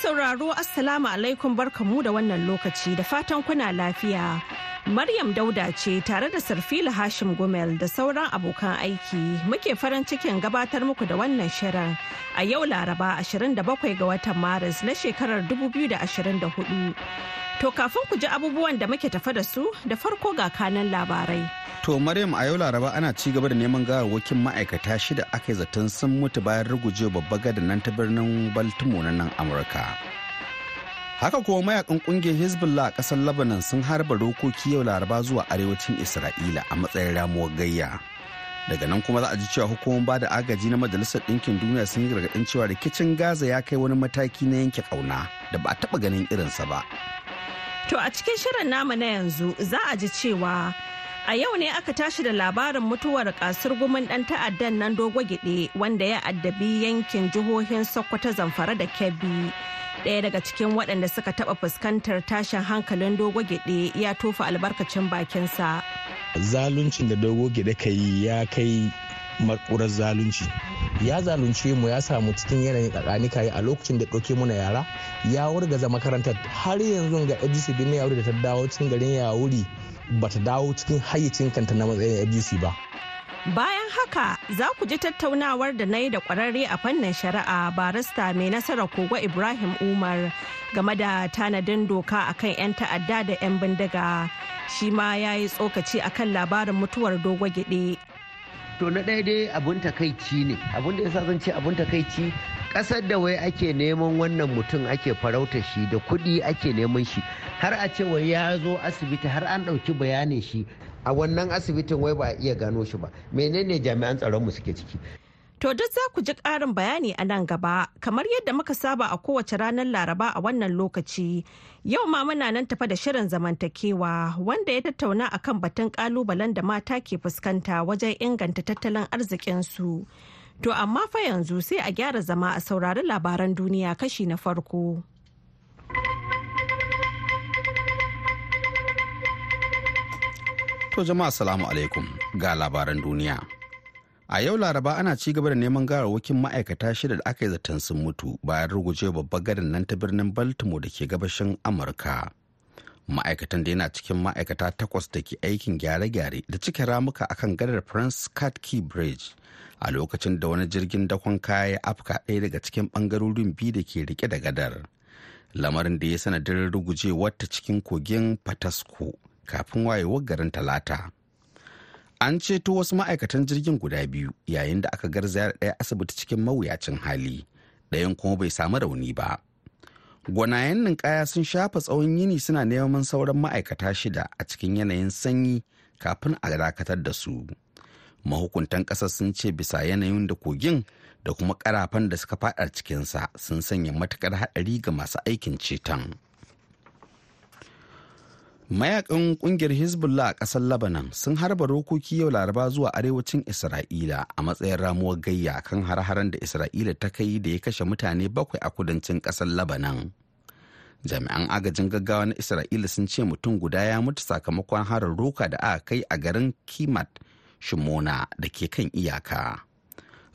sauraro Assalamu alaikum barkamu da wannan lokaci da fatan kuna lafiya. Maryam Dauda ce tare da Sarfila Hashim Gumel da sauran abokan aiki muke farin cikin gabatar muku da wannan shirin a yau Laraba 27 ga watan Maris na shekarar 2024. To kafin ku ji abubuwan da muke tafa da su da farko ga kanan labarai. To Maryam a yau Laraba ana ci gaba da neman gawarwakin ma'aikata shida aka yi zaton sun mutu bayan ruguje babba gada nan ta birnin Baltimore na nan Amurka. Haka kuma mayakan kungiyar Hezbollah a ƙasar Lebanon sun harba rokoki yau Laraba zuwa arewacin Isra'ila a matsayin ramuwar gayya. daga nan kuma za a ji cewa hukumomin ba da agaji na majalisar ɗinkin duniya sun yi gargaɗin cewa rikicin gaza ya kai wani mataki na yanke ƙauna da ba a taɓa ganin irinsa ba To a cikin shirin namu na yanzu za a ji cewa a yau ne aka tashi da labarin mutuwar kasar gumin dan ta'addan nan dogo gide wanda ya addabi yankin jihohin Sokoto Zamfara da Kebbi. Ɗaya daga cikin waɗanda suka taɓa fuskantar tashin hankalin dogo gide ya tofa albarkacin bakinsa. Zaluncin da dogo gide ka yi ya kai makurar zalunci ya zalunce mu ya samu cikin yanayin kakanika a lokacin da ɗauke muna yara ya wurgaza makarantar har yanzu ga fgc bin yawuri da ta dawo cikin garin yauri ba ta dawo cikin hayyacin kanta na matsayin fgc ba bayan haka za ku ji tattaunawar da na yi da kwararre a fannin shari'a barista mai nasara kogo ibrahim umar game da tanadin doka akan 'yan ta'adda da 'yan bindiga shi ma ya yi tsokaci akan labarin mutuwar dogo gyaɗe to na ɗaya dai abun takaici ne abun da yasa zan ce abun takaici ƙasar da wai ake neman wannan mutum ake farauta shi da kuɗi ake neman shi har a ce wai ya zo asibiti har an ɗauki bayanin shi a wannan asibitin wai ba a iya gano shi ba menene jami'an tsaron mu suke ciki To duk za ku ji ƙarin bayani a nan gaba, kamar yadda muka saba a kowace ranar Laraba a wannan lokaci. Yau ma muna nan tafa da shirin zamantakewa wanda ya tattauna akan batun ƙalubalen da mata ke fuskanta wajen inganta tattalin arzikinsu. To amma fa yanzu sai a gyara zama a saurari labaran duniya kashi na farko. To jama'a salamu alaikum ga labaran duniya. a yau laraba ana ci gaba da neman gawarwakin ma'aikata shida da aka yi zaton sun mutu bayan ruguje babbar gadon nan ta birnin baltimore da ke gabashin amurka ma'aikatan da yana cikin ma'aikata takwas da ke aikin gyare-gyare da cike ramuka akan gadar Prince scott key bridge a lokacin da wani jirgin dakon kaya ya afka ɗaya daga cikin ɓangarorin biyu da ke rike da gadar lamarin da ya sanadin rugujewar ta cikin kogin patasco kafin wayewar garin talata an ceto wasu ma'aikatan jirgin guda biyu yayin da aka garzaya ɗaya asibiti cikin mawuyacin hali ɗayan kuma bai samu rauni ba gwanayen ninkaya sun shafa tsawon yini suna neman sauran ma'aikata shida a cikin yanayin sanyi kafin a dakatar da su mahukuntan ƙasa sun ce bisa yanayin da kogin da kuma ƙarafan da suka fada cikinsa sun sanya matukar haɗari ga masu aikin ceton. mayakan kungiyar hezbollah a ƙasar lebanon sun harba rokoki yau laraba zuwa arewacin isra'ila a matsayin ramuwar gayya kan har-haren da isra'ila ta kai da ya kashe mutane bakwai a kudancin ƙasar lebanon jami'an agajin gaggawa na isra'ila sun ce mutum guda ya mutu sakamakon harin roka da aka kai a garin kimat shimona da ke kan iyaka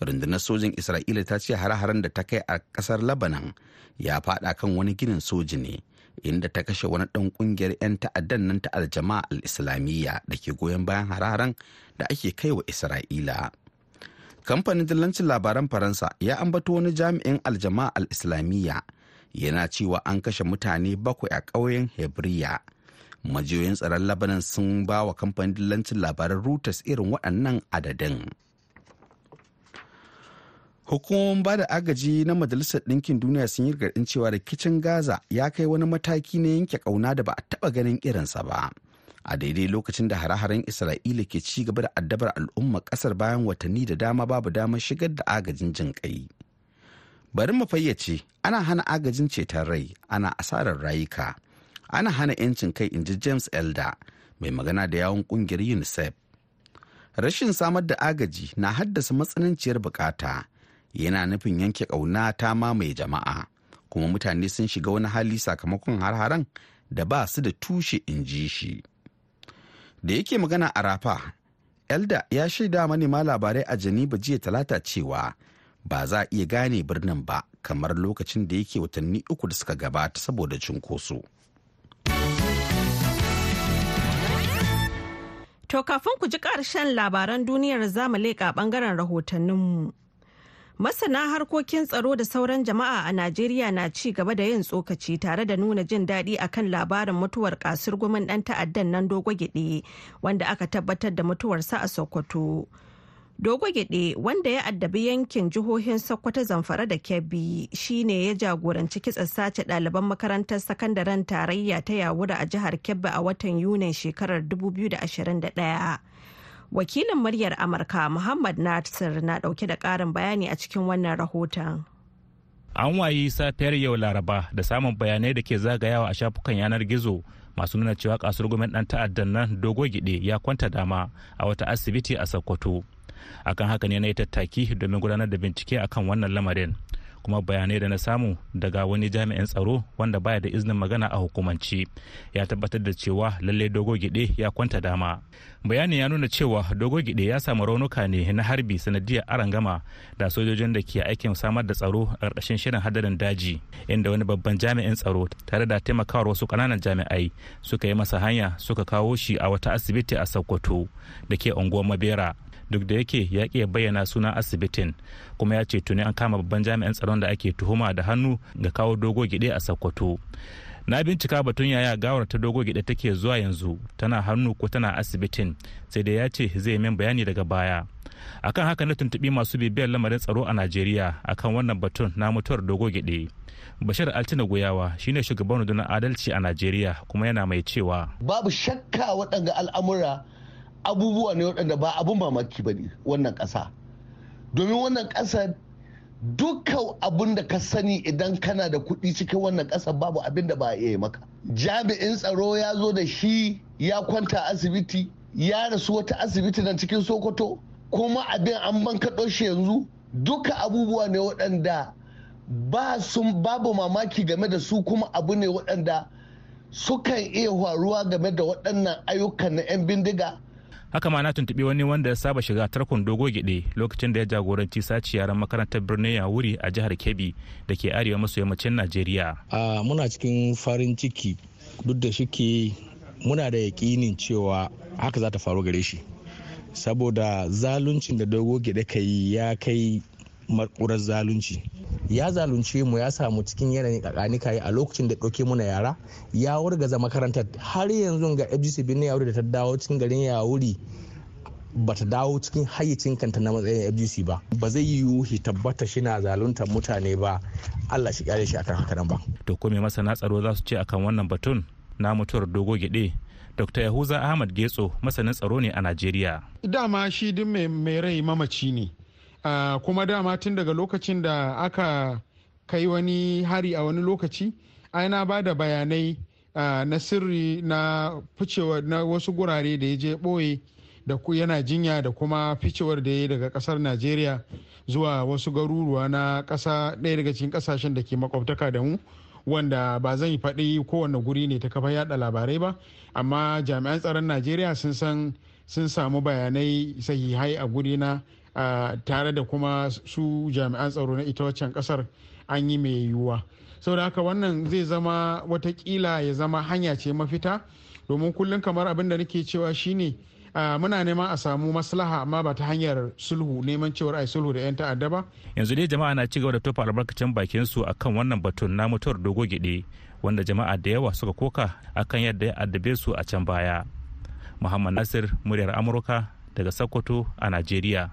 rundunar sojin isra'ila ta ce har-haren da ta kai a ƙasar lebanon ya faɗa kan wani ginin soji ne inda ta kashe wani ɗan ƙungiyar 'yan ta'addan nan ta aljama'a al-islamiyya da ke goyon bayan hararen da ake kai wa isra'ila kamfanin dillancin labaran faransa ya ambato wani jami'in aljama'a al-islamiyya yana cewa an kashe mutane bakwai a ƙauyen hebriya majiyoyin tsaron labanan sun ba wa kamfanin dillancin labaran reuters irin waɗannan adadin hukumomin ba da agaji na majalisar ɗinkin duniya sun yi gargaɗin cewa rikicin gaza ya kai wani mataki na yanke ƙauna da ba a taɓa ganin irinsa ba a daidai lokacin da hare-haren isra'ila ke ci gaba da addabar al'umma ƙasar bayan watanni da dama babu damar shigar da agajin jin ƙai bari mu fayyace ana hana agajin ceton rai ana asarar rayuka ana hana 'yancin kai in ji james elder mai magana da yawon ƙungiyar unicef rashin samar da agaji na haddasa matsananciyar bukata yana nufin yanke ƙauna ta mamaye jama'a kuma mutane sun shiga wani hali sakamakon har-haren da ba su da tushe in ji shi da yake magana a rafa elda ya shaida manema labarai a janiba jiya talata cewa ba za a iya gane birnin ba kamar lokacin da yake watanni uku da suka gabata saboda cunkoso. To kafin ku ji ƙarshen labaran duniyar zamu leƙa ɓangaren rahotanninmu. Masana harkokin tsaro da sauran jama'a a Najeriya na ci gaba da yin tsokaci tare da nuna jin daɗi a kan labarin mutuwar kasir gumin ɗan ta'addan nan dogo gyaɗe wanda aka tabbatar da mutuwarsa a Sokoto. Dogo gyaɗe wanda ya addabi yankin jihohin Sokoto zamfara da Kebbi shine ya jagoranci kitsar sace ɗaliban makarantar sakandaren tarayya ta Yawura a jihar Kebbi a watan Yunin shekarar 2021. wakilin muryar amurka muhammad nasir na dauke da karin bayani a cikin wannan rahoton an wayi safiyar yau laraba da samun bayanai da ke zagayawa a shafukan yanar gizo masu nuna cewa kasuwar gwamnati dan ta'addan nan dogo gide ya kwanta dama a wata asibiti a sokoto akan haka ne na yi tattaki domin gudanar da bincike akan wannan lamarin kuma bayanai da na samu daga wani jami'in tsaro wanda baya da izinin magana a hukumance ya tabbatar da cewa lallai dogo gide ya kwanta dama bayanin ya nuna cewa dogo gide ya samu raunuka ne na harbi sanadiyar arangama da sojojin da ke aikin samar da tsaro a ƙarƙashin shirin hadarin daji inda wani babban jami'in tsaro tare da taimakawar wasu ƙananan jami'ai suka yi masa hanya suka kawo shi a wata asibiti a sokoto da ke unguwar mabera duk da yake ya ƙi bayyana sunan asibitin kuma ya ce tuni an kama babban jami'an tsaron da ake tuhuma da hannu ga kawo dogo gide a sokoto na bincika batun yaya gawar ta dogo gida take zuwa yanzu tana hannu ko tana asibitin sai dai ya ce zai min bayani daga baya akan haka na tuntubi masu bibiyar lamarin tsaro a najeriya akan wannan batun na mutuwar dogo gide bashar altina guyawa shine shugaban rundunar adalci a najeriya kuma yana mai cewa babu shakka waɗanga al'amura abubuwa ne waɗanda ba abun mamaki ba ne wannan ƙasa domin wannan ƙasar dukkan abun da ka sani idan kana da kuɗi cikin wannan ƙasar babu abin da ba a iya maka jami'in tsaro ya zo da shi ya kwanta asibiti ya rasu wata asibiti nan cikin sokoto kuma abin an ban kaɗo shi yanzu duka abubuwa ne waɗanda ba sun babu mamaki game da su kuma abu ne waɗanda sukan iya faruwa game da waɗannan ayyukan na 'yan bindiga haka ma na tuntuɓi wani wanda ya saba shiga tarkon dogo gyaɗe lokacin da ya jagoranci sace yaran makarantar birnin yawuri a jihar kebbi da ke arewa maso yammacin najeriya muna cikin farin ciki duk da shike muna da yaƙinin cewa haka za ta faru gare shi saboda zaluncin da dogo gyaɗe ka yi ya kai makurar zalunci ya zalunce mu ya samu cikin yanayin kakanika a lokacin da ɗauke muna yara ya wargaza makarantar har yanzu ga fgc birnin yawuri da ta dawo cikin garin yawuri ba ta dawo cikin hayyacin kanta na matsayin fgc ba ba zai yi shi tabbata shi na zaluntar mutane ba allah shi kyale shi akan hakanan ba to ko me masana tsaro za su ce akan wannan batun na mutuwar dogo gyaɗe dr yahuza ahmad getso masanin tsaro ne a najeriya dama shi duk mai rai mamaci ne uh, kuma dama tun daga lokacin da aka kai wani hari a wani lokaci aina ba da bayanai uh, na sirri na ficewa na wasu gurare da ya je boye da yana jinya da kuma ficewar da ya yi daga kasar najeriya zuwa wasu garuruwa na kasa daya daga cikin kasashen da ke makwabtaka da mu wanda ba zan yi faɗi kowane guri ne ta kafa yada labarai ba amma jami'an tsaron najeriya sun san sun samu bayanai sahihai a guri na tare da kuma su jami'an tsaro na ita waccan kasar an yi mai yiwuwa saboda haka wannan zai zama watakila ya zama hanya ce mafita domin kullum kamar abin da nake cewa shine Uh, muna neman a samu maslaha amma ba ta hanyar sulhu neman cewar ai sulhu da 'yan ta'adda ba. yanzu dai jama'a na cigaba da tofa albarkacin bakin su akan wannan batun na mutuwar dogo gide wanda jama'a da yawa suka koka akan yadda ya addabe su a can baya muhammad nasir muryar amurka daga sokoto a najeriya.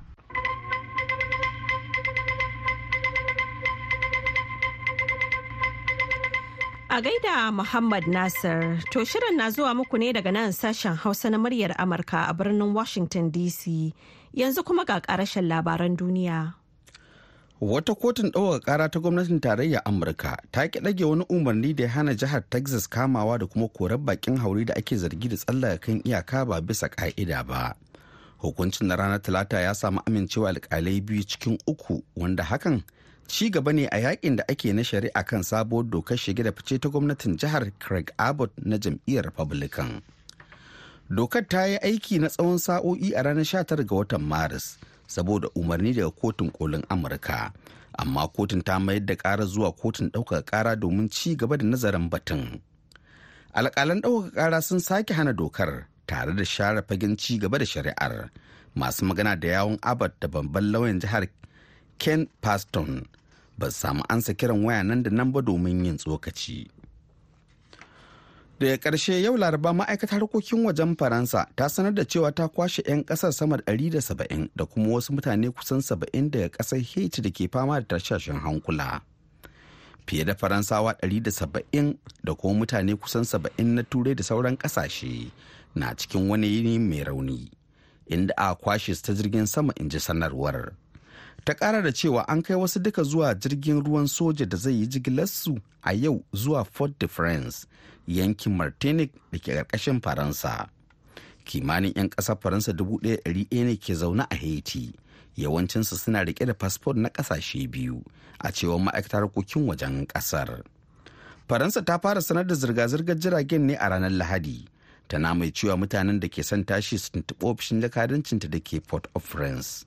A gaida Muhammad Nasir, to shirin na zuwa muku ne daga nan sashen Hausa na muryar Amurka a birnin Washington DC. Yanzu kuma ga karashen labaran duniya. Wata kotun ɗaukar ƙara ta gwamnatin tarayya Amurka ta ki ɗage wani umarni da ya hana jihar Texas kamawa da kuma korar bakin hauri da ake zargi da tsallaka kan iyaka ba bisa ƙa'ida ba. Hukuncin na ranar Talata ya samu amincewa alƙalai biyu cikin uku wanda hakan ci gaba ne a yakin da ake na shari'a kan sabuwar dokar shige da fice ta gwamnatin jihar craig abbott na jam'iyyar republican dokar ta yi aiki na tsawon sa'o'i a ranar 19 ga watan maris saboda umarni daga kotun kolin amurka amma kotun ta mayar da ƙara zuwa kotun ɗaukaka ƙara domin ci gaba da nazarin batun alƙalan ɗaukaka ƙara sun sake hana dokar tare da share fagen ci gaba da shari'ar masu magana da yawon Abbott da babban lauyan jihar ken paston ba samu ansa kiran waya nan da nan ba domin yin tsokaci daga ƙarshe yau laraba ma'aikatar harkokin wajen faransa ta sanar da cewa ta kwashe 'yan ƙasar sama da 170 da kuma wasu mutane kusan 70 daga ƙasar haiti da ke fama da tashashen hankula fiye da faransawa 170 da kuma mutane kusan 70 na turai da sauran ƙasashe na cikin wani yini mai rauni inda a kwashe su ta jirgin sama in ji sanarwar ta ƙara da cewa an kai wasu duka zuwa jirgin ruwan soja da zai yi jigilarsu a yau zuwa fort de france yankin Martinique da ke ƙarƙashin faransa kimanin 'yan ƙasar faransa 1,100 ne ke zaune a haiti yawancinsu suna rike da fasfon na ƙasashe biyu a cewar ma'aikatar harkokin wajen ƙasar faransa ta fara sanar da zirga-zirgar jiragen ne a ranar lahadi tana mai cewa mutanen da ke son tashi su tuntuɓi ofishin jakadancinta da ke port of france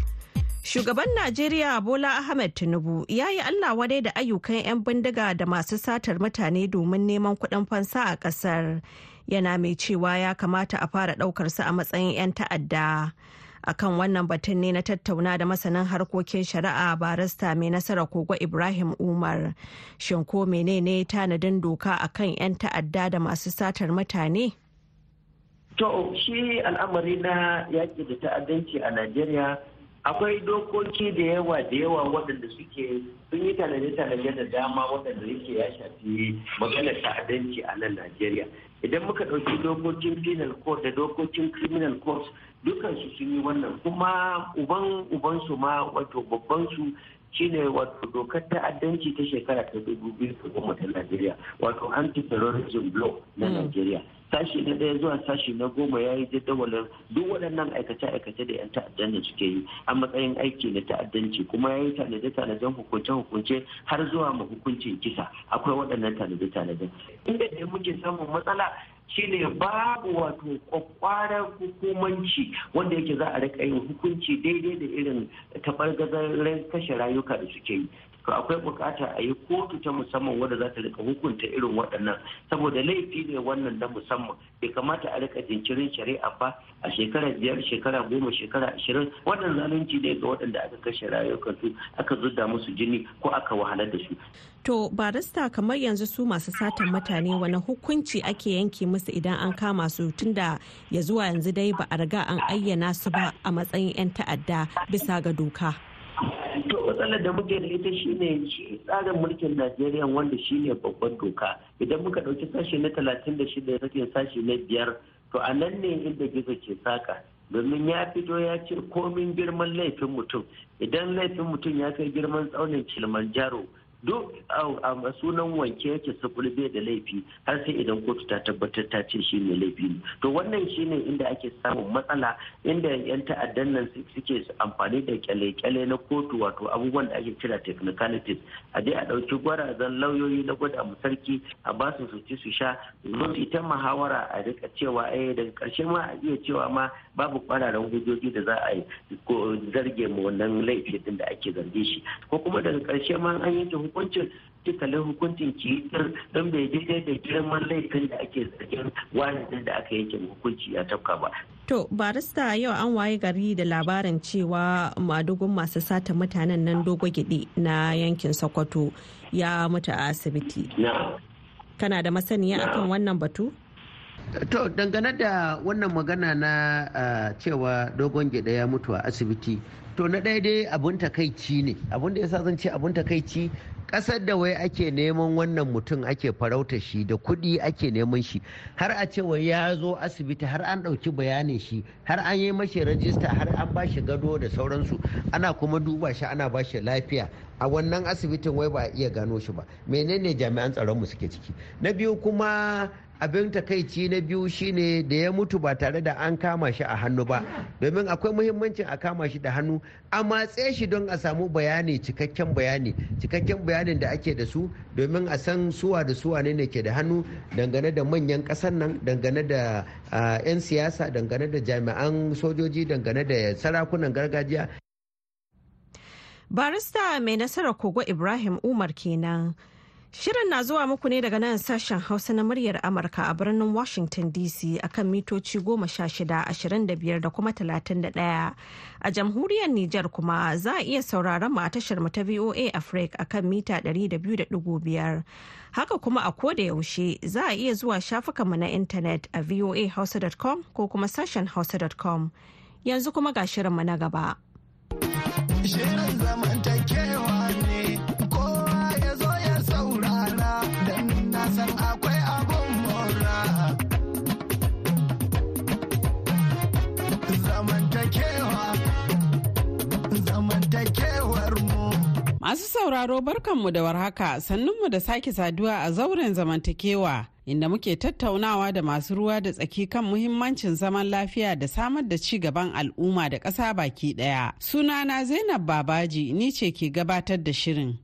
Shugaban Najeriya Bola Ahmed Tinubu ya yi Allah wadai da ayyukan 'yan bindiga da masu satar mutane domin neman kuɗin fansa a ƙasar. Yana mai cewa ya kamata a fara ɗaukar su a matsayin 'yan ta'adda. A kan wannan batun ne na tattauna da masanin harkokin shari'a barista mai nasara kogo Ibrahim Umar. Shin ko menene tanadin doka a kan 'yan ta'adda da masu satar mutane? To, shi al'amari na yaƙi da ta'addanci a Najeriya akwai dokoki da yawa da yawa waɗanda suke sun yi tanade-tanade da dama waɗanda yake ya shafi maganar ta'addanci a nan najeriya idan muka ɗauki dokokin penal court da dokokin criminal court dukansu sun yi wannan kuma uban ubansu ma wato babban su shine wato dokar ta'addanci ta shekara ta dubu biyu da goma ta Najeriya wato anti-terrorism law na mm. Najeriya. Sashi na ɗaya zuwa sashi na goma ya yi jadawalin duk waɗannan aikace-aikace da 'yan ta'addan da suke yi a matsayin aiki na ta'addanci kuma ya yi tanade-tanaden hukunce-hukunce har zuwa ma hukuncin kisa akwai waɗannan tanade-tanaden. Inda da muke samun matsala shine babu wato kwakwarar hukumanci wanda yake za a rika yin hukunci daidai da irin tabargazar kashe rayuka da suke yi to akwai bukata a yi kotu ta musamman wadda za ta rika hukunta irin waɗannan saboda laifi ne wannan na musamman bai kamata a rika jinkirin shari'a ba a shekara biyar shekara goma shekara ashirin wannan zalunci ne ga waɗanda aka kashe su aka zudda musu jini ko aka wahalar da su. to barista kamar yanzu su masu satan mutane wani hukunci ake yanke musu idan an kama su tunda ya zuwa yanzu dai ba a riga an ayyana su ba a matsayin 'yan ta'adda bisa ga doka. to matsalar da muke da ita shine shi tsarin mulkin najeriya wanda shine babban doka idan muka dauki sashi na talatin da shida ya sashe na biyar to a nan ne inda gizo ke saka domin ya fito ya ce komin girman laifin mutum idan laifin mutum ya kai girman tsaunin kilimanjaro duk a sunan wanke yake sufuri bai da laifi har sai idan kotu ta tabbatar ta ce shi ne laifi ne to wannan shi ne inda ake samun matsala inda yan ta'addan nan suke amfani da kyale-kyale na kotu wato abubuwan da ake kira technicalities a dai a ɗauki gwarazan lauyoyi na gwada sarki a ba su su ci su sha zo su ta muhawara a rika cewa eh daga ƙarshe ma a iya cewa ma babu ƙwararren hujjoji da za a yi zarge mu wannan laifi din da ake zarge shi ko kuma daga ƙarshe ma an yanke hukuncin kikalin hukuncin ki don bai daidai da girman laifin da ake zargin wani da aka yanke hukunci ya tafka ba. To barista yau an waye gari da labarin cewa madugun masu sata mutanen nan dogo gidi na yankin Sokoto ya mutu a asibiti. Kana da masaniya akan wannan batu? To dangane da wannan magana na cewa dogon gida ya mutu a asibiti to na ɗaya dai abun takaici ne abun da ya sa zan ce abun takaici ƙasar da wai ake neman wannan mutum ake farauta shi da kuɗi ake neman shi har a ce wai ya zo asibiti har an ɗauki bayanin shi har an yi mashi rajista har an ba shi gado da sauransu ana kuma duba shi ana ba shi lafiya a wannan asibitin wai ba a iya gano shi ba menene jami'an tsaronmu suke ciki na biyu kuma abin takaici na biyu shine da ya mutu ba tare da an kama shi a hannu ba domin akwai muhimmancin a kama shi da hannu a matse shi don a samu bayani cikakken bayani cikakken bayanin da ake da su domin a san suwa da suwa ne ne ke da hannu dangane da manyan kasar nan dangane da 'yan siyasa dangane da jami'an sojoji dangane da sarakunan gargajiya barista mai nasarar kogo ibrahim umar kenan Shirin na zuwa muku ne daga nan sashen Hausa na muryar Amurka a birnin Washington DC akan mitoci goma sha shida ashirin da biyar da kuma talatin da ɗaya. A jamhuriyar Nijar kuma za a iya sauraron mu a tashar mu ta VOA Africa akan mita ɗari da biyu da ɗigo biyar. Haka kuma a koda yaushe za a iya zuwa shafukan mu na intanet a voahausa.com ko kuma sashen hausa.com. Yanzu kuma ga shirin mu na gaba. Shirin zamanta Masu sauraro barkanmu da warhaka sannunmu da sake saduwa a zauren zamantakewa inda muke tattaunawa da masu ruwa da tsaki kan muhimmancin zaman lafiya da samar da ci gaban al'umma da ƙasa baki ɗaya. Sunana Zainab Babaji ni ce ke gabatar da shirin.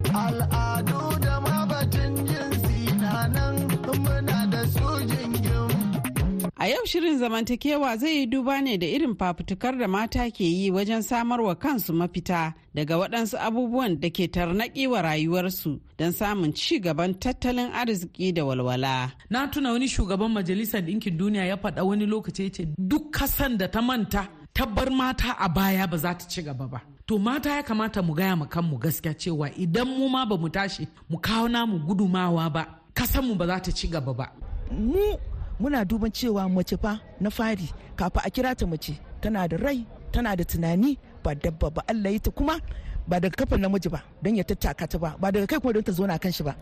A yau shirin zamantakewa zai yi duba ne da irin fafutukar da mata ke yi wajen samarwa kansu mafita daga waɗansu abubuwan da ke tarnaƙi wa rayuwarsu don samun ci gaban tattalin arziki da walwala. Na tuna wani shugaban majalisar ɗinkin duniya ya faɗa wani lokaci ya ce duk kasan da ta manta ta bar mata a baya ba za ta ci gaba ba. To mata ya kamata mu gaya ma kanmu gaskiya cewa idan mu ma ba mu tashi mu kawo namu gudumawa ba kasanmu ba za ta ci gaba ba. Mu muna duban cewa mace fa na fari kafa a kira ta mace tana da rai tana da tunani ba dabba ba Allah yi ta kuma ba daga kafan namiji ba don ya tattaka ta ba ba daga kai kuma don ta zo na kan shi ba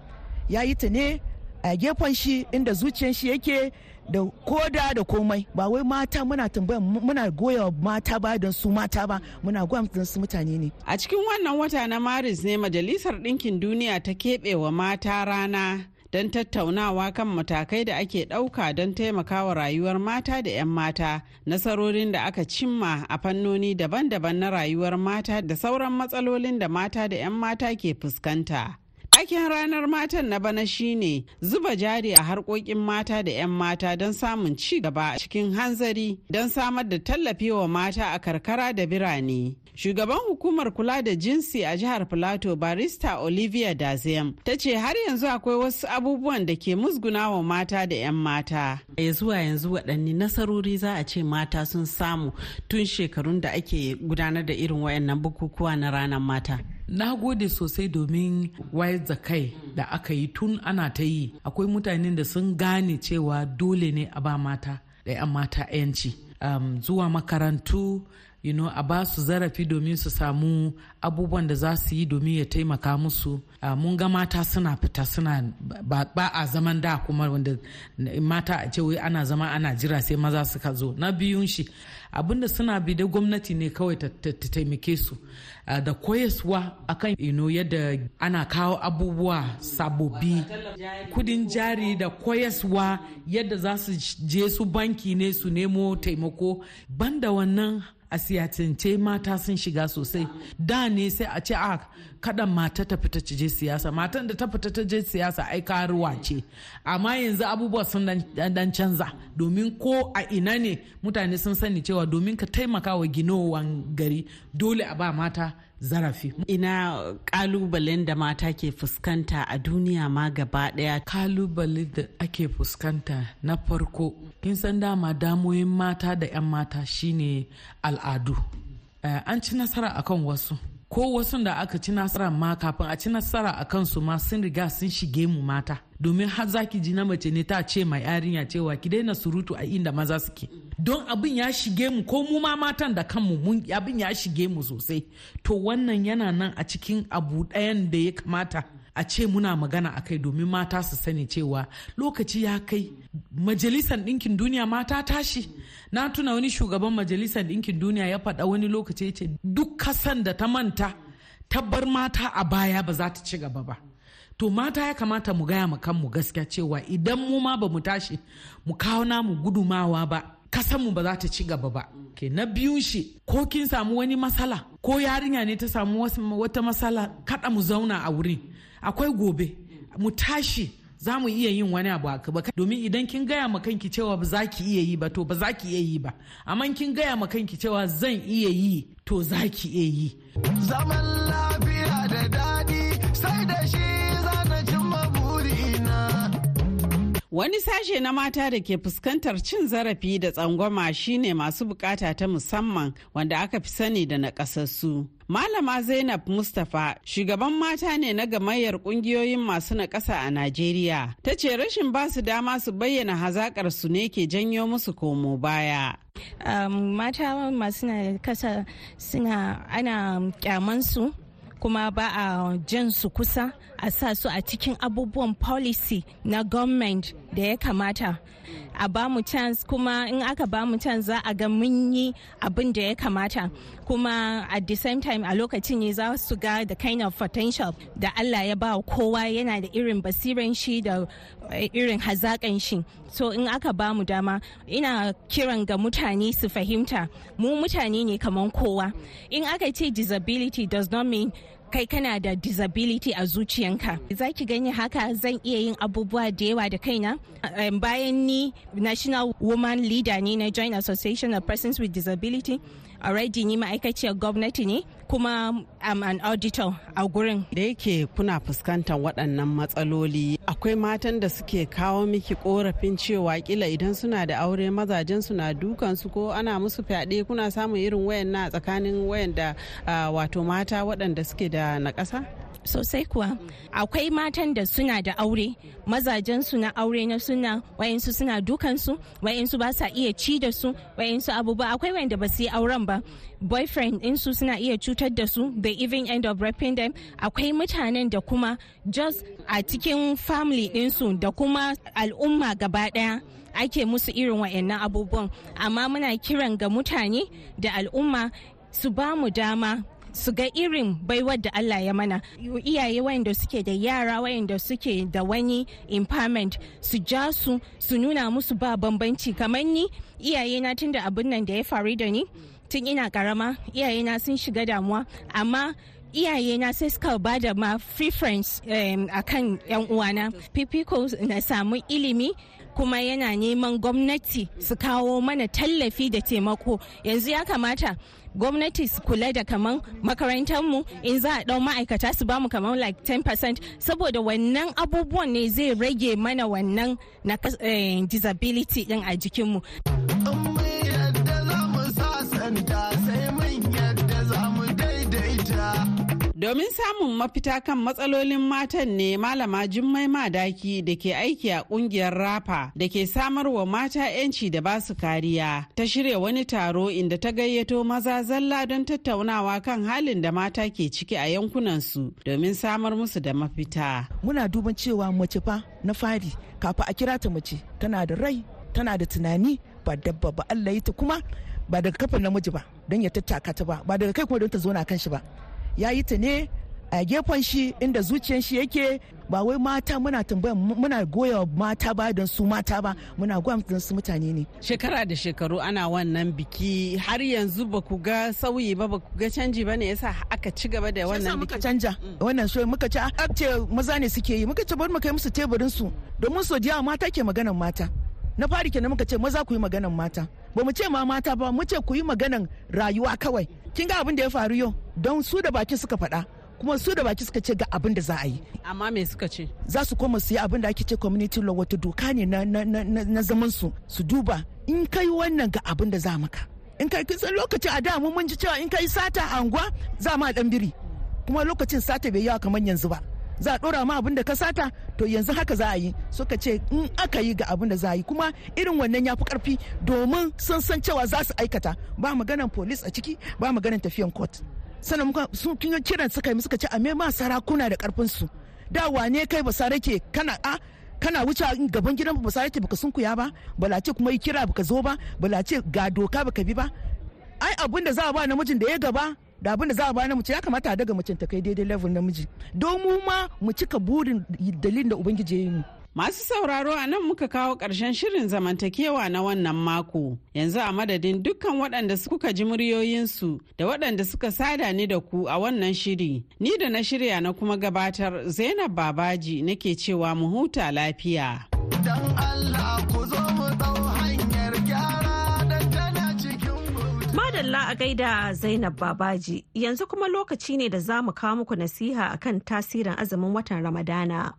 ya yi ta ne a gefen shi inda zuciyan shi yake da koda da komai ba wai mata muna tambaya muna goya mata ba don su mata ba muna goya don su mutane ne a cikin wannan wata na maris ne majalisar ɗinkin duniya ta keɓe wa mata rana don tattaunawa kan matakai da ake ɗauka don taimakawa rayuwar mata da 'yan mata nasarorin da aka cimma a fannoni daban-daban na rayuwar mata da sauran matsalolin da mata da 'yan mata ke fuskanta. Aikin ranar matan na bana shine zuba jari a harkokin mata da 'yan mata don samun ci gaba a cikin hanzari don samar da tallafi wa mata a karkara da birane. Shugaban hukumar kula da jinsi a jihar Filato barista Olivia Dazem ta ce har yanzu akwai wasu abubuwan da ke musguna wa mata da 'yan mata. Ya zuwa yanzu waɗanne nasarori za a ce mata sun samu tun shekarun da ake gudanar da irin wayannan bukukuwa na ranar mata. na gode sosai domin wayar da kai da aka yi tun ana ta yi akwai mutanen da sun gane cewa dole ne a ba mata da eh, 'yan mata 'yanci um, zuwa makarantu you know, a ba su zarafi domin su samu abubuwan da za su yi domin ya taimaka musu uh, mun ga mata suna fita suna ba, ba a zaman da kuma wanda mata a ce wai ana zama ana jira sai maza suka zo na biyun shi abinda suna bi da gwamnati ne kawai ta taimake su da koyaswa akan you yadda ana kawo abubuwa sabobi kudin jari da koyaswa yadda za su je su banki ne su nemo taimako banda wannan a siyasance mata sun shiga sosai da ne sai a ce a ah, kadan mata ta fita ta je siyasa matan da ta fita ta je siyasa ai karuwa ce amma yanzu abubuwa sun dan canza domin ko a ina ne mutane sun sani cewa domin ka taimaka wa ginowan gari dole a ba mata zarafi ina kalubalen da mata ke fuskanta a duniya ma gaba daya kalubale da ake fuskanta na farko kin san dama damoyin mata da 'yan mata shine al'adu eh, an ci nasara akan wasu ko wasu da aka ci nasara ma kafin a ci nasara a kansu ma sun riga sun shige mu mata domin har zaki ji na mace ne ta ce mai yarinya cewa ki daina surutu a inda maza suke don abin ya shige mu ko mu ma matan da kanmu mun abin ya shige mu sosai to wannan yana nan a cikin abu ɗayan da ya kamata a ce muna magana a kai domin mata su sani cewa lokaci ya kai majalisar ɗinkin duniya mata tashi na tuna wani shugaban majalisar ɗinkin duniya ya faɗa wani lokaci ya ce duk kasan da ta manta tabbar mata a baya ba za ta ci gaba ba to mata ya kamata mu gaya ma kanmu gaskiya cewa idan mu ma ba mu tashi mu kawo namu gudumawa ba mu ba za ta ci gaba ba ke na biyun shi ko kin samu wani matsala ko yarinya ne ta samu wata matsala kada mu zauna a wurin akwai gobe mu tashi za mu iya yin wani abu a gaba domin idan kin gaya ma kanki cewa ba za ki iya yi ba to ba za ki iya yi ba amma kin gaya ma kanki cewa zan iya yi to za ki iya yi zaman lafiya da daɗi sai da shi zana cimma burina Wani sashe na mata da ke fuskantar cin zarafi da tsangwama shine masu bukata ta musamman wanda aka fi sani da nakasassu. Malama Zainab Mustapha shugaban mata ne na gamayyar kungiyoyin masu naƙasa a Najeriya ta ce rashin ba su dama su bayyana hazakar su ne ke janyo musu komo baya. Um, mata masu kasa suna ana kyamansu kuma ba a jan kusa a sa su a cikin abubuwan policy na government da ya kamata a ba mu chance kuma in aka ba mu chance za a ga mun yi abin da ya kamata kuma at the same time a lokacin ne za su ga the kind of potential da Allah ya ba kowa yana da irin basiran shi da eh, irin hazakan shi so in aka ba mu dama ina kiran ga mutane su fahimta mu mutane ne kamar kowa in aka ce disability does not mean kai kana da disability a zuciyanka za ki gani haka zan iya yin abubuwa da yawa da kaina um, bayan ni national woman leader ne na joint association of persons with disability already ni ma'aikaciyar gwamnati ne kuma am um, an auditor a gurin. Da yake kuna fuskantar waɗannan matsaloli akwai matan da suke kawo miki korafin cewa kila idan suna da aure mazajen suna dukan su ko ana musu fyaɗe kuna samun irin wayan na tsakanin wayan da uh, wato mata waɗanda suke da na ƙasa? sosai kuwa akwai matan da suna da aure mazajen su na aure na suna wayansu suna dukan su wayansu ba sa iya ci da su wayansu abubuwa akwai wanda ba su yi auren ba boyfriend din su suna iya cutar da su the even end of raping them akwai mutanen da kuma just a cikin family din su da kuma al'umma gaba daya ake musu irin wayannan abubuwan amma muna kiran ga mutane da al'umma su ba mu dama su ga irin baiwar da Allah ya mana iyaye wayanda suke da yara wayanda suke da wani impairment su ja su su nuna musu ba bambanci kamar ni iyaye na tunda abin nan da ya faru da ni tun ina karama iyaye na sun shiga damuwa amma iyaye na sai suka ba da ma preference a kan yan uwana fifiko na samu ilimi kuma yana neman gwamnati su kawo mana tallafi da taimako yanzu ya kamata gwamnati su kula da kaman makarantar mu in za a dau ma'aikata su bamu kamar like 10% saboda wannan abubuwan ne zai rage mana wannan na eh, disability din a jikinmu. mu Domin samun mafita kan matsalolin matan ne Malama Jummai Madaki da ke aiki a kungiyar Rafa da ke samar wa mata 'yanci da basu kariya ta shirya wani taro inda ta gayyato maza zalla don tattaunawa kan halin da mata ke ciki a yankunansu domin samar musu da mafita. Muna duban cewa mace fa na fari kafa a kira ta mace tana da rai tana da tunani ba dabba ba Allah ya ta kuma ba daga kafin namiji ba don ya tattaka ta ba ba daga kai kuma don ta zo na kan shi ba ya yi ta ne a gefen shi inda zuciyan shi yake ba wai mata muna tambaya muna goya mata ba don su mata ba muna goya don su mutane ne shekara da shekaru ana wannan biki har yanzu ba ku ga sauyi ba ba ku ga canji ba ne yasa aka ci gaba da wannan biki mm. muka canja ah, wannan shi muka ci ce maza ne suke yi muka ce bari mu kai musu teburin su domin so da mata ke maganan mata na fari kenan muka ce maza ku yi maganan mata ba mu ce ma mata ba mu ce ku yi maganan rayuwa kawai kin ga abin da ya faru yau don su da baki suka faɗa kuma su da baki suka ce ga abin da za a yi amma me suka ce za su koma su yi abin da ake ce community law wata doka ne na, na, na, na zaman su su duba in kai wannan ga abin da za maka in kai kin san lokaci a da mun ji cewa in kai sata a anguwa za ma dan biri kuma lokacin sata bai yawa kamar yanzu ba za a ɗora ma abin da ka sata to yanzu haka za a yi suka ce in aka yi ga abin da za a yi kuma irin wannan ya fi ƙarfi domin sun san cewa za su aikata ba maganan polis a ciki ba maganan tafiyan court sannan muka sun kinyo kiran suka yi suka ce a ma sarakuna da karfin su da wane kai ba sarake kana a kana wuce gaban gidan ba sarake baka kuya ba balace kuma yi kira baka zo ba balace ga doka baka bi ba ai abin da za a ba namijin da ya gaba da abin za a bayar na mace ya kamata a daga macen ta kai daidai level namiji don mu ma mu cika burin dalilin da ubangiji ya yi mu Masu sauraro a nan muka kawo ƙarshen shirin zamantakewa na wannan mako. Yanzu a madadin dukkan waɗanda kuka ji muryoyinsu da waɗanda suka sada ni da ku a wannan shiri. Ni da na shirya na kuma gabatar Zainab Babaji nake cewa mu huta lafiya. Allah a gaida Zainab Babaji yanzu kuma lokaci ne da za mu kawo muku nasiha akan tasirin azumin watan Ramadana.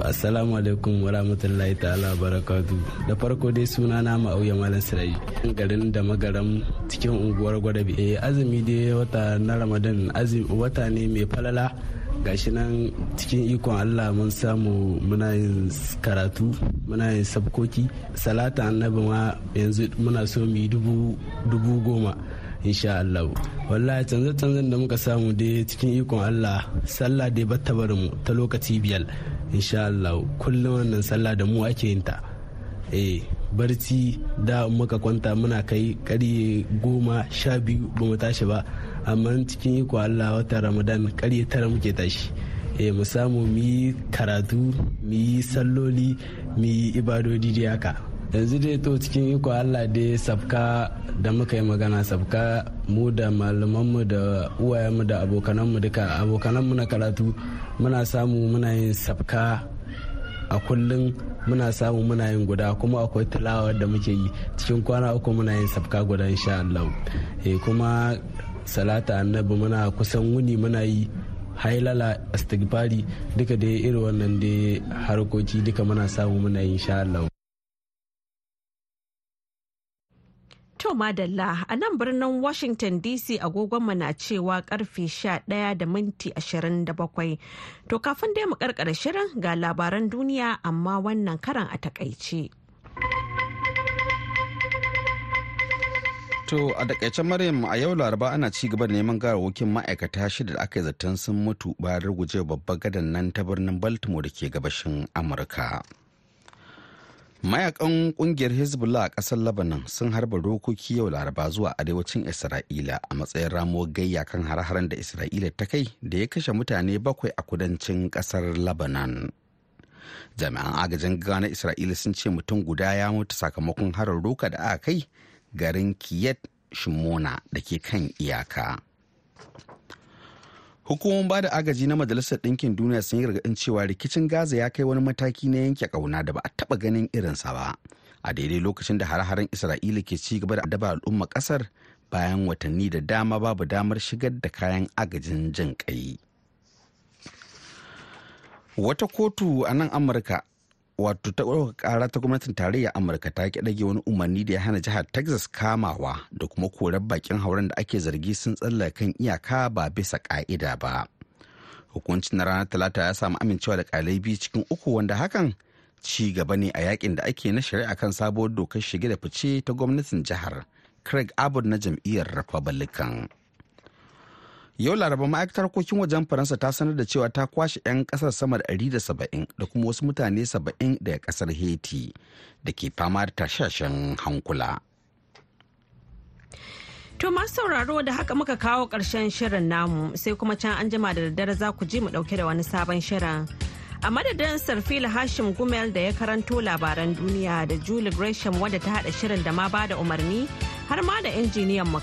Assalamu alaikum wa rahmatullahi ta'ala barakatu. Da farko dai suna na ma'auya Malam Sirai. Garin da magaram cikin unguwar gwada bi. Eh, azumi dai wata na Ramadan azumi wata ne mai falala gashi nan cikin ikon allah mun samu muna yin karatu muna yin sabkoki salata annabi ma yanzu muna so mu yi dubu goma insha Allah wallahi canza canzan da muka samu dai cikin ikon Allah sallah dai batta barin mu ta lokaci biyar insha Allah kullum wannan sallah da mu ake yin ta eh barci da muka kwanta muna kai kari goma sha biyu ba mu tashi ba amma cikin iko allah wata ramadan karye tara muke tashi e mu samu mu yi karatu mu yi salloli mu yi ibadodi da haka yanzu dai to cikin iko allah dai sabka da muka yi magana sabka mu da malamanmu da uwayenmu da abokananmu duka abokananmu na karatu muna samu muna yin sabka a kullum muna samu muna yin guda kuma akwai tilawa da muke yi cikin kwana uku muna yin sabka guda insha allah eh, kuma salata annabi muna kusan wuni muna yi hailala istighfari duka da irin wannan da harkoki duka muna samu muna yin Allah. To madalla a nan birnin Washington DC agogonmu na cewa karfe 11 da minti 27. To kafin dai mu karkara shirin ga labaran duniya amma wannan karan a takaice. To a takaice Maryam a yau Laraba ana ci gaba da neman wakin ma'aikata shida da aka yi zaton sun mutu bayan guje babban gadan nan ta birnin Baltimore da ke gabashin Amurka. Mayakan kungiyar Hezbollah a ƙasar Lebanon sun harba rokoki yau Laraba zuwa arewacin Isra'ila a matsayin ramuwar gayya kan har-haren da Isra'ila ta kai da ya kashe mutane bakwai a kudancin ƙasar Lebanon. Jami'an agajin na Isra'ila sun ce mutum guda ya mutu sakamakon harin roka da aka kai garin kiyet shimona da ke kan iyaka hukumomin bada agaji na majalisar ɗinkin duniya sun yi gargaɗin cewa rikicin gaza ya kai wani mataki na yanke ƙauna da ba a taɓa ganin irinsa ba a daidai lokacin da har-haren isra'ila ke ci gaba da adaba al'umma ƙasar bayan watanni da dama babu damar shigar da kayan agajin jin wata kotu a nan amurka wato ta kara ta gwamnatin tarayyar amurka ta ki ɗage wani umarni da ya hana jihar texas kamawa da kuma korar bakin hauren da ake zargi sun tsalla kan iyaka ba bisa ƙa'ida ba hukuncin na ranar talata ya samu amincewa da ƙalai biyu cikin uku wanda hakan ci gaba ne a yakin da ake na shari'a kan sabuwar dokar shige da fice ta gwamnatin jihar craig abbott na jam'iyyar republican yau laraba ma'aikatar harkokin wajen faransa ta sanar da cewa ta kwashe 'yan kasar sama da 170 da kuma wasu mutane 70 daga kasar haiti da ke fama da tashashen hankula To masu sauraro da haka muka kawo ƙarshen shirin namu sai kuma can an jima da daddare za ku ji mu ɗauke da wani sabon shirin. A madadin Sarfila Hashim Gumel da ya karanto labaran duniya da Julie Gresham wadda ta hada shirin da ma ba da umarni har ma da injiniyan mu